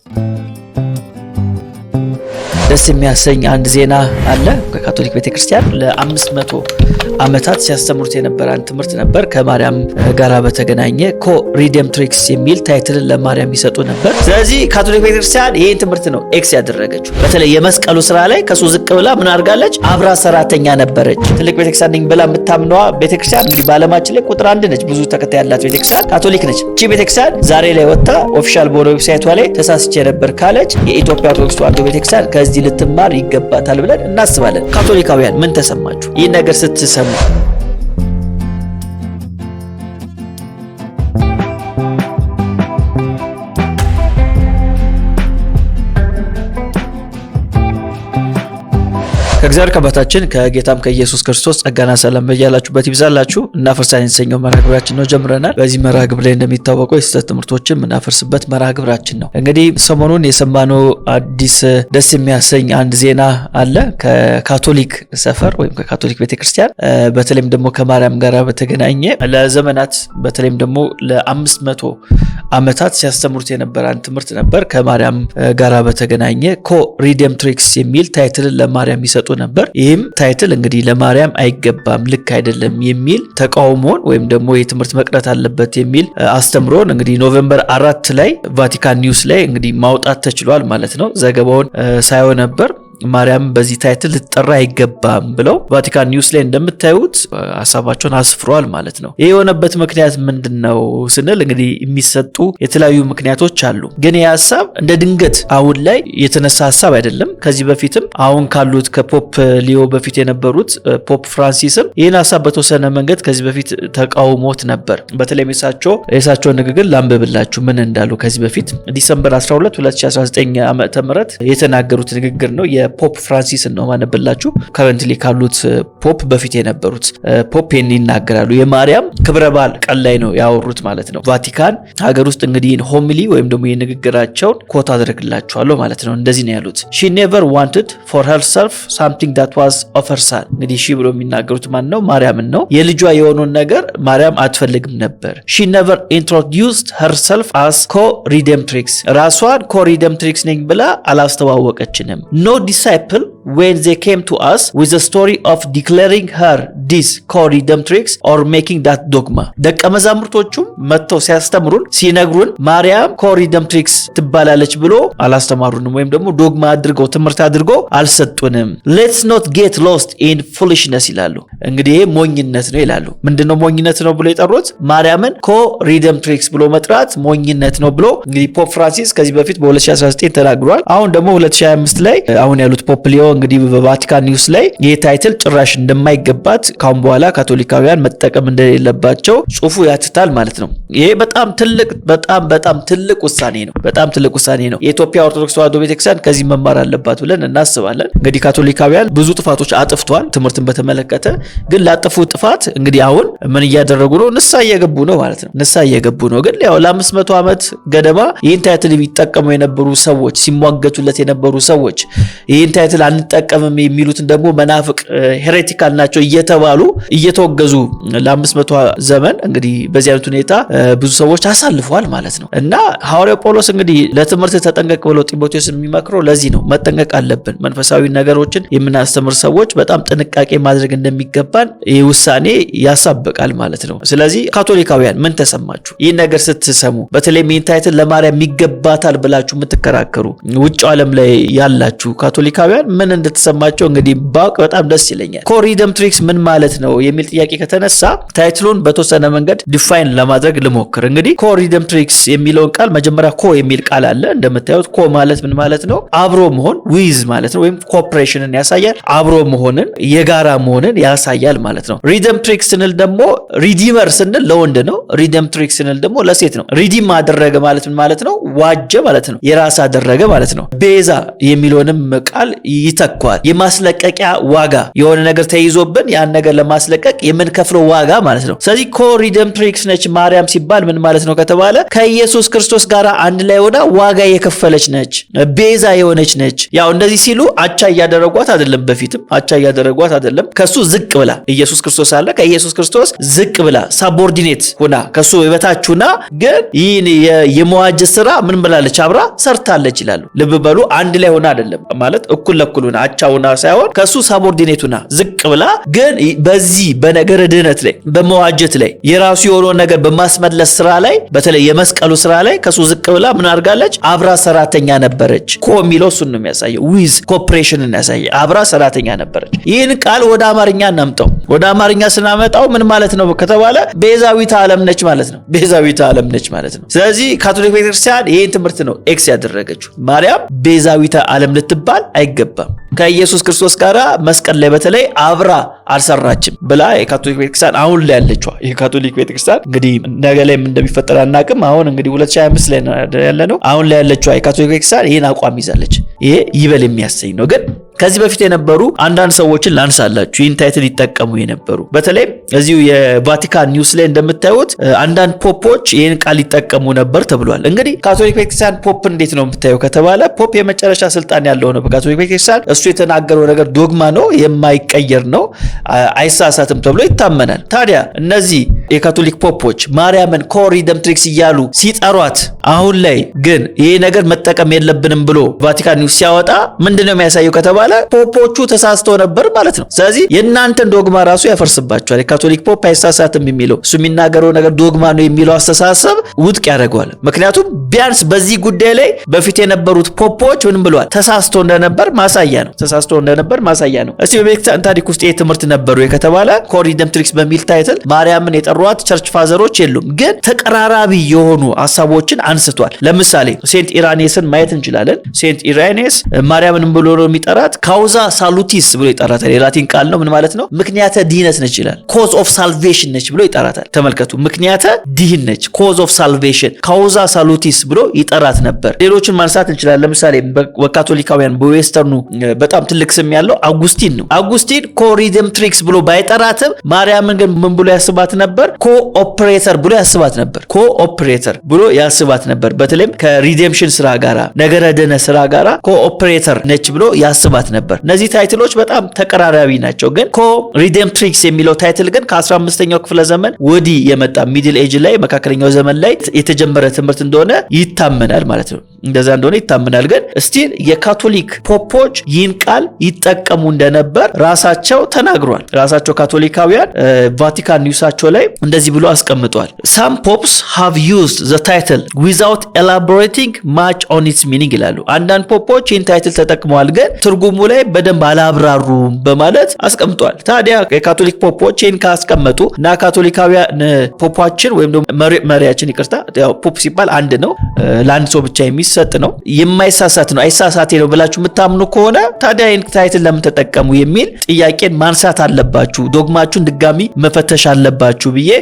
Thank you. ደስ የሚያሰኝ አንድ ዜና አለ። ከካቶሊክ ቤተክርስቲያን ለአምስት መቶ ዓመታት ሲያስተምሩት የነበረ አንድ ትምህርት ነበር። ከማርያም ጋር በተገናኘ ኮ ሪደምትሪክስ የሚል ታይትልን ለማርያም ይሰጡ ነበር። ስለዚህ ካቶሊክ ቤተክርስቲያን ይህን ትምህርት ነው ኤክስ ያደረገችው። በተለይ የመስቀሉ ስራ ላይ ከሱ ዝቅ ብላ ምን አድርጋለች? አብራ ሰራተኛ ነበረች። ትልቅ ቤተክርስቲያን ነኝ ብላ የምታምነዋ ቤተክርስቲያን እንግዲህ በዓለማችን ላይ ቁጥር አንድ ነች። ብዙ ተከታይ ያላት ቤተክርስቲያን ካቶሊክ ነች። ቺ ቤተክርስቲያን ዛሬ ላይ ወጥታ ኦፊሻል በሆነ ዌብሳይቷ ላይ ተሳስቼ ነበር ካለች የኢትዮጵያ ኦርቶዶክስ ተዋሕዶ ቤተክርስቲያን ከዚህ ልትማር ይገባታል ብለን እናስባለን። ካቶሊካውያን ምን ተሰማችሁ ይህ ነገር ስትሰሙ? ከእግዚአብሔር ከአባታችን ከጌታም ከኢየሱስ ክርስቶስ ጸጋና ሰላም በያላችሁበት ይብዛላችሁ። እናፈርሳለን የተሰኘው መርሃ ግብራችን ነው ጀምረናል። በዚህ መርሃ ግብር ላይ እንደሚታወቀው የስህተት ትምህርቶችን የምናፈርስበት መርሃ ግብራችን ነው። እንግዲህ ሰሞኑን የሰማነው አዲስ ደስ የሚያሰኝ አንድ ዜና አለ። ከካቶሊክ ሰፈር ወይም ከካቶሊክ ቤተክርስቲያን በተለይም ደግሞ ከማርያም ጋር በተገናኘ ለዘመናት በተለይም ደግሞ ለአምስት መቶ ዓመታት ሲያስተምሩት የነበረ አንድ ትምህርት ነበር። ከማርያም ጋር በተገናኘ ኮ ሪዴምትሪክስ የሚል ታይትልን ለማርያም ይሰጡ ነበር። ይህም ታይትል እንግዲህ ለማርያም አይገባም፣ ልክ አይደለም የሚል ተቃውሞን ወይም ደግሞ የትምህርት መቅረት አለበት የሚል አስተምሮን እንግዲህ ኖቬምበር አራት ላይ ቫቲካን ኒውስ ላይ እንግዲህ ማውጣት ተችሏል ማለት ነው። ዘገባውን ሳየው ነበር። ማርያም በዚህ ታይትል ልትጠራ አይገባም ብለው ቫቲካን ኒውስ ላይ እንደምታዩት ሀሳባቸውን አስፍሯል ማለት ነው። ይህ የሆነበት ምክንያት ምንድን ነው ስንል እንግዲህ የሚሰጡ የተለያዩ ምክንያቶች አሉ። ግን ይህ ሀሳብ እንደ ድንገት አሁን ላይ የተነሳ ሀሳብ አይደለም። ከዚህ በፊትም አሁን ካሉት ከፖፕ ሊዮ በፊት የነበሩት ፖፕ ፍራንሲስም ይህን ሀሳብ በተወሰነ መንገድ ከዚህ በፊት ተቃውሞት ነበር። በተለይም የሳቸው ንግግር ላንብብላችሁ ምን እንዳሉ ከዚህ በፊት ዲሰምበር 12 2019 ዓ ም የተናገሩት ንግግር ነው የፖፕ ፍራንሲስን ነው ማነብላችሁ። ከረንትሊ ካሉት ፖፕ በፊት የነበሩት ፖፕ ይናገራሉ። የማርያም ክብረ በዓል ቀን ላይ ነው ያወሩት ማለት ነው። ቫቲካን ሀገር ውስጥ እንግዲህ ሆሚሊ ወይም ደግሞ የንግግራቸውን ኮት አድርግላችኋለሁ ማለት ነው። እንደዚህ ነው ያሉት ሺ ኔቨር ዋንትድ ፎር ሄርሰልፍ ሳምቲንግ ዳት ዋዝ ኦፈርሳል። እንግዲህ ሺ ብሎ የሚናገሩት ማን ነው? ማርያምን ነው። የልጇ የሆነውን ነገር ማርያም አትፈልግም ነበር። ሺ ኔቨር ኢንትሮዲውስድ ሄርሰልፍ አስ ኮ ሪደምትሪክስ ራሷን ኮ ሪደምትሪክስ ነኝ ብላ አላስተዋወቀችንም። ኖ ዲስ ዲሳይፕል when they came to us with the story of declaring her this co-redemptrix or making that dogma። ደቀ መዛሙርቶቹም መጥተው ሲያስተምሩን ሲነግሩን ማርያም ኮሪደምትሪክስ ትባላለች ብሎ አላስተማሩንም፣ ወይም ደግሞ ዶግማ አድርገው ትምህርት አድርገው አልሰጡንም። ሌትስ ኖት ጌት ሎስት ኢን ፉሊሽነስ ይላሉ። እንግዲህ ይሄ ሞኝነት ነው ይላሉ። ምንድነው ሞኝነት ነው ብሎ የጠሩት ማርያምን ኮሪደምትሪክስ ብሎ መጥራት ሞኝነት ነው ብሎ እንግዲህ ፖፕ ፍራንሲስ ከዚህ በፊት በ2019 ተናግሯል። አሁን ደግሞ 2025 ላይ አሁን ያሉት ፖፕ ሊዮን እንግዲህ በቫቲካን ኒውስ ላይ ይህ ታይትል ጭራሽ እንደማይገባት ካሁን በኋላ ካቶሊካውያን መጠቀም እንደሌለባቸው ጽሁፉ ያትታል ማለት ነው። ይሄ በጣም ትልቅ በጣም በጣም ትልቅ ውሳኔ ነው። በጣም ትልቅ ውሳኔ ነው። የኢትዮጵያ ኦርቶዶክስ ተዋሕዶ ቤተክርስቲያን ከዚህ መማር አለባት ብለን እናስባለን። እንግዲህ ካቶሊካውያን ብዙ ጥፋቶች አጥፍቷል፣ ትምህርትን በተመለከተ ግን ላጠፉ ጥፋት እንግዲህ አሁን ምን እያደረጉ ነው? ንሳ እየገቡ ነው ማለት ነው። ንሳ እየገቡ ነው። ግን ያው ለአምስት መቶ ዓመት ገደማ ይህን ታይትል የሚጠቀሙ የነበሩ ሰዎች ሲሟገቱለት የነበሩ ሰዎች ይህን ታይትል አንጠቀምም የሚሉትን ደግሞ መናፍቅ ሄሬቲካል ናቸው እየተባሉ እየተወገዙ ለአምስት መቶ ዘመን እንግዲህ በዚህ አይነት ሁኔታ ብዙ ሰዎች አሳልፈዋል ማለት ነው እና ሐዋርያው ጳውሎስ እንግዲህ ለትምህርት ተጠንቀቅ ብሎ ጢሞቴዎስ የሚመክረው ለዚህ ነው። መጠንቀቅ አለብን። መንፈሳዊ ነገሮችን የምናስተምር ሰዎች በጣም ጥንቃቄ ማድረግ እንደሚገባን ይህ ውሳኔ ያሳብቃል ማለት ነው። ስለዚህ ካቶሊካውያን ምን ተሰማችሁ? ይህ ነገር ስትሰሙ በተለይ ሜንታይትን ለማርያም ይገባታል ብላችሁ የምትከራከሩ ውጭ ዓለም ላይ ያላችሁ ካቶሊካውያን ምን ምን እንደተሰማቸው እንግዲህ ባውቅ በጣም ደስ ይለኛል። ኮ ትሪክስ ምን ማለት ነው የሚል ጥያቄ ከተነሳ ታይትሉን በተወሰነ መንገድ ዲፋይን ለማድረግ ልሞክር። እንግዲህ ኮሪደም ትሪክስ የሚለውን ቃል መጀመሪያ ኮ የሚል ቃል አለ። እንደምታዩት ኮ ማለት ምን ማለት ነው? አብሮ መሆን ዊዝ ማለት ነው፣ ወይም ኮፕሬሽንን ያሳያል። አብሮ መሆንን የጋራ መሆንን ያሳያል ማለት ነው። ሪደም ትሪክስ ስንል ደግሞ ሪዲመር ስንል ለወንድ ነው። ሪደም ትሪክስ ስንል ደግሞ ለሴት ነው። ሪዲም አደረገ ማለት ምን ማለት ነው? ዋጀ ማለት ነው። የራስ አደረገ ማለት ነው። ቤዛ የሚለውንም ቃል ይተኳል። የማስለቀቂያ ዋጋ የሆነ ነገር ተይዞብን ያን ነገር ለማስለቀቅ የምንከፍለው ዋጋ ማለት ነው። ስለዚህ ኮሪደምፕትሪክስ ነች ማርያም ሲባል ምን ማለት ነው ከተባለ ከኢየሱስ ክርስቶስ ጋር አንድ ላይ ሆና ዋጋ የከፈለች ነች፣ ቤዛ የሆነች ነች። ያው እንደዚህ ሲሉ አቻ እያደረጓት አይደለም፣ በፊትም አቻ እያደረጓት አይደለም። ከሱ ዝቅ ብላ ኢየሱስ ክርስቶስ አለ፣ ከኢየሱስ ክርስቶስ ዝቅ ብላ ሳቦርዲኔት ሁና ከሱ የበታች ግን ይህን የመዋጅ ስራ ምን ብላለች? አብራ ሰርታለች ይላሉ። ልብ በሉ አንድ ላይ ሆና አይደለም ማለት እኩል ለኩል ሆና አቻውና ሳይሆን ከእሱ ሳቦርዲኔቱና ዝቅ ብላ ግን በዚህ በነገረ ድህነት ላይ በመዋጀት ላይ የራሱ የሆነውን ነገር በማስመለስ ስራ ላይ በተለይ የመስቀሉ ስራ ላይ ከእሱ ዝቅ ብላ ምን አድርጋለች? አብራ ሰራተኛ ነበረች። ኮ የሚለው እሱን ነው የሚያሳየው። ዊዝ ኮፕሬሽን ያሳየ አብራ ሰራተኛ ነበረች። ይህን ቃል ወደ አማርኛ እናምጠው። ወደ አማርኛ ስናመጣው ምን ማለት ነው ከተባለ ቤዛዊት ዓለም ነች ማለት ነው። ቤዛዊት ዓለም ነች ማለት ነው። ስለዚህ ካቶሊክ ቤተክርስቲያን ይህን ትምህርት ነው ኤክስ ያደረገችው። ማርያም ቤዛዊተ ዓለም ልትባል አይገባም። ከኢየሱስ ክርስቶስ ጋር መስቀል ላይ በተለይ አብራ አልሰራችም ብላ የካቶሊክ ቤተክርስቲያን አሁን ላይ ያለችዋ የካቶሊክ ቤተክርስቲያን እንግዲህ ነገ ላይ እንደሚፈጠር አናቅም። አሁን እንግዲህ 2025 ላይ ያለ ነው። አሁን ላይ ያለችዋ የካቶሊክ ቤተክርስቲያን ይህን አቋም ይዛለች። ይሄ ይበል የሚያሰኝ ነው ግን ከዚህ በፊት የነበሩ አንዳንድ ሰዎችን ላንሳላችሁ። ይህን ታይትል ይጠቀሙ የነበሩ በተለይም እዚሁ የቫቲካን ኒውስ ላይ እንደምታዩት አንዳንድ ፖፖች ይህን ቃል ይጠቀሙ ነበር ተብሏል። እንግዲህ ካቶሊክ ቤተክርስቲያን ፖፕ እንዴት ነው የምታየው ከተባለ ፖፕ የመጨረሻ ስልጣን ያለው ነው በካቶሊክ ቤተክርስቲያን። እሱ የተናገረው ነገር ዶግማ ነው፣ የማይቀየር ነው። አይሳሳትም ተብሎ ይታመናል። ታዲያ እነዚህ የካቶሊክ ፖፖች ማርያምን ኮሪደምትሪክስ እያሉ ሲጠሯት፣ አሁን ላይ ግን ይሄ ነገር መጠቀም የለብንም ብሎ ቫቲካን ኒውስ ሲያወጣ ምንድን ነው የሚያሳየው ከተባለ ፖፖቹ ተሳስተው ነበር ማለት ነው። ስለዚህ የእናንተን ዶግማ ራሱ ያፈርስባቸዋል። የካቶሊክ ፖፕ አይሳሳትም የሚለው እሱ የሚናገረው ነገር ዶግማ ነው የሚለው አስተሳሰብ ውድቅ ያደርገዋል። ምክንያቱም ቢያንስ በዚህ ጉዳይ ላይ በፊት የነበሩት ፖፖች ምንም ብለዋል ተሳስቶ እንደነበር ማሳያ ነው። ተሳስቶ እንደነበር ማሳያ ነው። እስቲ በቤተክርስቲያን ታሪክ ውስጥ ይህ ትምህርት ነበሩ ከተባለ ኮሪደምትሪክስ በሚል ታይትል ማርያምን የጠሩ ያብራሯት ቸርች ፋዘሮች የሉም፣ ግን ተቀራራቢ የሆኑ ሀሳቦችን አንስቷል። ለምሳሌ ሴንት ኢራኔስን ማየት እንችላለን። ሴንት ኢራኔስ ማርያምን ብሎ ነው የሚጠራት? ካውዛ ሳሉቲስ ብሎ ይጠራታል። የላቲን ቃል ነው። ምን ማለት ነው? ምክንያተ ድህነት ነች ይላል። ኮዝ ኦፍ ሳልቬሽን ነች ብሎ ይጠራታል። ተመልከቱ፣ ምክንያተ ድህን ነች፣ ኮዝ ኦፍ ሳልቬሽን፣ ካውዛ ሳሉቲስ ብሎ ይጠራት ነበር። ሌሎችን ማንሳት እንችላለን። ለምሳሌ በካቶሊካውያን በዌስተርኑ በጣም ትልቅ ስም ያለው አጉስቲን ነው። አጉስቲን ኮሪደምትሪክስ ብሎ ባይጠራትም ማርያምን ግን ምን ብሎ ያስባት ነበር? ነበር። ኮኦፕሬተር ብሎ ያስባት ነበር። ኮኦፕሬተር ብሎ ያስባት ነበር። በተለይም ከሪዴምሽን ስራ ጋር ነገረ ደነ ስራ ጋር ኮኦፕሬተር ነች ብሎ ያስባት ነበር። እነዚህ ታይትሎች በጣም ተቀራራቢ ናቸው። ግን ኮ ሪዴምትሪክስ የሚለው ታይትል ግን ከ15ኛው ክፍለ ዘመን ወዲህ የመጣ ሚድል ኤጅ ላይ መካከለኛው ዘመን ላይ የተጀመረ ትምህርት እንደሆነ ይታመናል ማለት ነው። እንደዛ እንደሆነ ይታመናል። ግን ስቲል የካቶሊክ ፖፖች ይህን ቃል ይጠቀሙ እንደነበር ራሳቸው ተናግሯል። ራሳቸው ካቶሊካውያን ቫቲካን ኒውሳቸው ላይ እንደዚህ ብሎ አስቀምጧል። ሳም ፖፕስ ሃቭ ዩዝድ ዘ ታይትል ዊዛውት ኤላቦሬቲንግ ማች ኦን ኢትስ ሚኒንግ ይላሉ። አንዳንድ ፖፖች ይህን ታይትል ተጠቅመዋል፣ ግን ትርጉሙ ላይ በደንብ አላብራሩም በማለት አስቀምጧል። ታዲያ የካቶሊክ ፖፖች ይህን ካስቀመጡ እና ካቶሊካውያን ፖፖችን ወይም መሪያችን ይቅርታ፣ ፖፕ ሲባል አንድ ነው፣ ለአንድ ሰው ብቻ የሚሰጥ ነው፣ የማይሳሳት ነው፣ አይሳሳቴ ነው ብላችሁ የምታምኑ ከሆነ ታዲያ ይህን ታይትል ለምን ተጠቀሙ የሚል ጥያቄን ማንሳት አለባችሁ። ዶግማችሁን ድጋሚ መፈተሽ አለባችሁ ብዬ ብዬ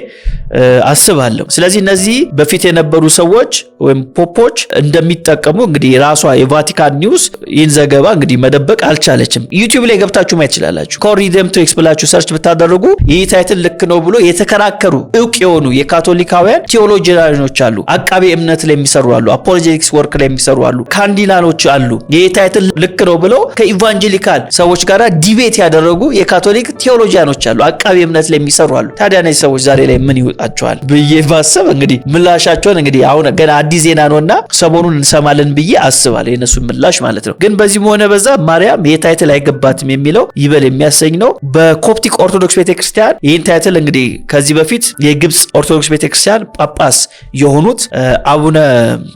አስባለሁ። ስለዚህ እነዚህ በፊት የነበሩ ሰዎች ወይም ፖፖች እንደሚጠቀሙ እንግዲህ ራሷ የቫቲካን ኒውስ ይህን ዘገባ እንግዲህ መደበቅ አልቻለችም። ዩቲዩብ ላይ ገብታችሁ ማየት ትችላላችሁ። ኮሪደም ቶክስ ብላችሁ ሰርች ብታደረጉ ይህ ታይትል ልክ ነው ብሎ የተከራከሩ እውቅ የሆኑ የካቶሊካውያን ቴዎሎጂያኖች አሉ። አቃቤ እምነት ላይ የሚሰሩ አሉ። አፖሎጀቲክስ ወርክ ላይ የሚሰሩ አሉ። ካንዲላኖች አሉ። ይህ ታይትል ልክ ነው ብለው ከኢቫንጀሊካል ሰዎች ጋር ዲቤት ያደረጉ የካቶሊክ ቴዎሎጂያኖች አሉ። አቃቤ እምነት ላይ የሚሰሩ አሉ። ታዲያ እነዚህ ሰዎች ዛሬ ላይ ምን ይወጣቸዋል ብዬ ባሰብ እንግዲህ ምላሻቸውን እንግዲህ አሁን ገና አዲስ ዜና ነው እና ሰሞኑን እንሰማለን ብዬ አስባለሁ፣ የእነሱ ምላሽ ማለት ነው። ግን በዚህም ሆነ በዛ ማርያም ይህ ታይትል አይገባትም የሚለው ይበል የሚያሰኝ ነው። በኮፕቲክ ኦርቶዶክስ ቤተክርስቲያን ይህን ታይትል እንግዲህ ከዚህ በፊት የግብፅ ኦርቶዶክስ ቤተክርስቲያን ጳጳስ የሆኑት አቡነ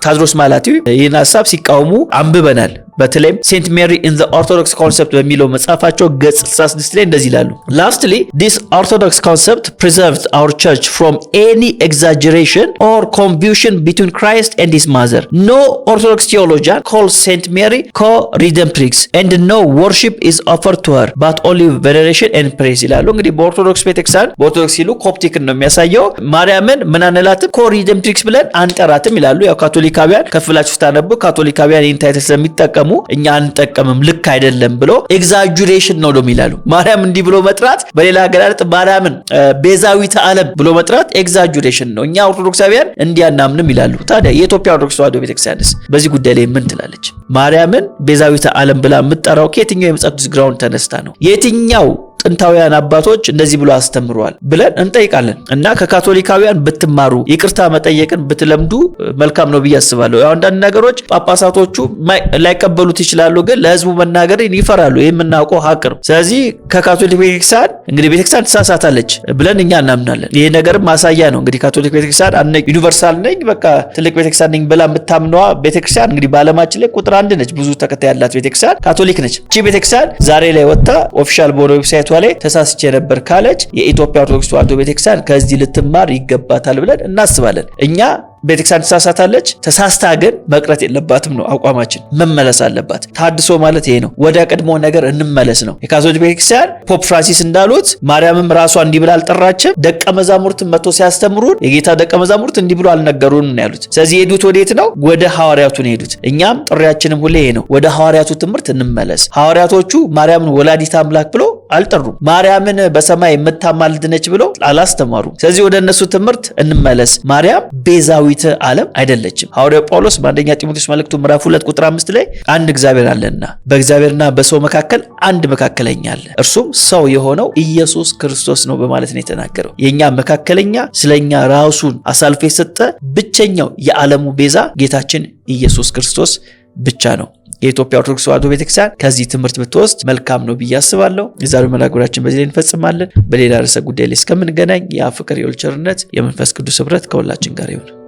ታድሮስ ማላቲው ይህን ሀሳብ ሲቃወሙ አንብበናል። በተለይም ሴንት ሜሪ ኢን ዘ ኦርቶዶክስ ኮንሰፕት በሚለው መጽሐፋቸው ገጽ 66 ላይ እንደዚህ ይላሉ። ላስትሊ ዲስ ኦርቶዶክስ ኮንሰፕት ፕሪዘርቭድ አወር ቸርች ፍሮም ኤኒ ኤግዛጀሬሽን ኦር ኮንቪውሽን ቢትዊን ክራይስት ኤንድ ሂዝ ማዘር ኖ ኦርቶዶክስ ቴዎሎጂያን ኮል ሴንት ሜሪ ኮ ሪደምፕሪክስ ኤንድ ኖ ወርሺፕ ኢዝ ኦፈር ቱ ሄር ባት ኦንሊ ቬኔሬሽን ኤንድ ፕሬዝ ይላሉ። እንግዲህ በኦርቶዶክስ ቤተክርስቲያን በኦርቶዶክስ ሲሉ ኮፕቲክን ነው የሚያሳየው። ማርያምን ምን አንላትም ኮ ሪደምፕሪክስ ብለን አንጠራትም ይላሉ። ያው ካቶሊካውያን ከፍላችሁ ስታነቡ ካቶሊካውያን ይህን ታይትል ስለሚጠቀሙ ሲጠቀሙ እኛ አንጠቀምም፣ ልክ አይደለም ብሎ ኤግዛጁሬሽን ነው ደሞ ይላሉ። ማርያም እንዲህ ብሎ መጥራት፣ በሌላ አገላለጥ ማርያምን ቤዛዊተ ዓለም ብሎ መጥራት ኤግዛጁሬሽን ነው። እኛ ኦርቶዶክሳውያን እንዲህ አናምንም ይላሉ። ታዲያ የኢትዮጵያ ኦርቶዶክስ ተዋሕዶ ቤተክርስቲያንስ በዚህ ጉዳይ ላይ ምን ትላለች? ማርያምን ቤዛዊተ ዓለም ብላ የምትጠራው ከየትኛው የመጽሐፍ ቅዱስ ግራውንድ ተነስታ ነው? የትኛው ጥንታውያን አባቶች እንደዚህ ብሎ አስተምረዋል ብለን እንጠይቃለን። እና ከካቶሊካውያን ብትማሩ ይቅርታ መጠየቅን ብትለምዱ መልካም ነው ብዬ አስባለሁ። አንዳንድ ነገሮች ጳጳሳቶቹ ላይቀበሉት ይችላሉ፣ ግን ለህዝቡ መናገርን ይፈራሉ። ይህ የምናውቀው ሀቅ ነው። ስለዚህ ከካቶሊክ ቤተክርስቲያን እንግዲህ ቤተክርስቲያን ትሳሳታለች ብለን እኛ እናምናለን። ይህ ነገርም ማሳያ ነው። እንግዲህ ካቶሊክ ቤተክርስቲያን አ ዩኒቨርሳል ነኝ በቃ ትልቅ ቤተክርስቲያን ነኝ ብላ የምታምነዋ ቤተክርስቲያን እንግዲህ በዓለማችን ላይ ቁጥር አንድ ነች። ብዙ ተከታይ ያላት ቤተክርስቲያን ካቶሊክ ነች። ቺ ቤተክርስቲያን ዛሬ ላይ ወጥታ ኦፊሻል በሆነ ዌብሳይት ሳይቷ ላይ ተሳስቼ ነበር ካለች የኢትዮጵያ ኦርቶዶክስ ተዋህዶ ቤተክርስቲያን ከዚህ ልትማር ይገባታል ብለን እናስባለን እኛ ቤተክርስቲያን ትሳሳታለች። ተሳስታ ግን መቅረት የለባትም ነው አቋማችን። መመለስ አለባት። ታድሶ ማለት ይሄ ነው። ወደ ቀድሞ ነገር እንመለስ ነው። የካቶሊክ ቤተክርስቲያን ፖፕ ፍራንሲስ እንዳሉት ማርያምም ራሷ እንዲህ ብላ አልጠራችም። ደቀ መዛሙርት መጥቶ ሲያስተምሩን የጌታ ደቀ መዛሙርት እንዲህ ብሎ አልነገሩን ነው ያሉት። ስለዚህ የሄዱት ወዴት ነው? ወደ ሐዋርያቱ ነው የሄዱት። እኛም ጥሪያችንም ሁሌ ይሄ ነው። ወደ ሐዋርያቱ ትምህርት እንመለስ። ሐዋርያቶቹ ማርያምን ወላዲት አምላክ ብሎ አልጠሩም። ማርያምን በሰማይ የምታማልድነች ብሎ አላስተማሩም። ስለዚህ ወደ እነሱ ትምህርት እንመለስ። ማርያም ቤዛዊ ጊዜያዊት ዓለም አይደለችም። ሐዋርያው ጳውሎስ በአንደኛ ጢሞቴዎስ መልእክቱ ምዕራፍ 2 ቁጥር አምስት ላይ አንድ እግዚአብሔር አለና በእግዚአብሔርና በሰው መካከል አንድ መካከለኛ አለ እርሱም ሰው የሆነው ኢየሱስ ክርስቶስ ነው በማለት ነው የተናገረው። የእኛ መካከለኛ ስለኛ ራሱን አሳልፎ የሰጠ ብቸኛው የዓለሙ ቤዛ ጌታችን ኢየሱስ ክርስቶስ ብቻ ነው። የኢትዮጵያ ኦርቶዶክስ ተዋሕዶ ቤተክርስቲያን ከዚህ ትምህርት ብትወስድ መልካም ነው ብዬ አስባለሁ። የዛሬው መናገራችን በዚህ ላይ እንፈጽማለን። በሌላ ርዕሰ ጉዳይ ላይ እስከምንገናኝ የአብ ፍቅር፣ የወልድ ቸርነት፣ የመንፈስ ቅዱስ ኅብረት ከሁላችን ጋር ይሁን።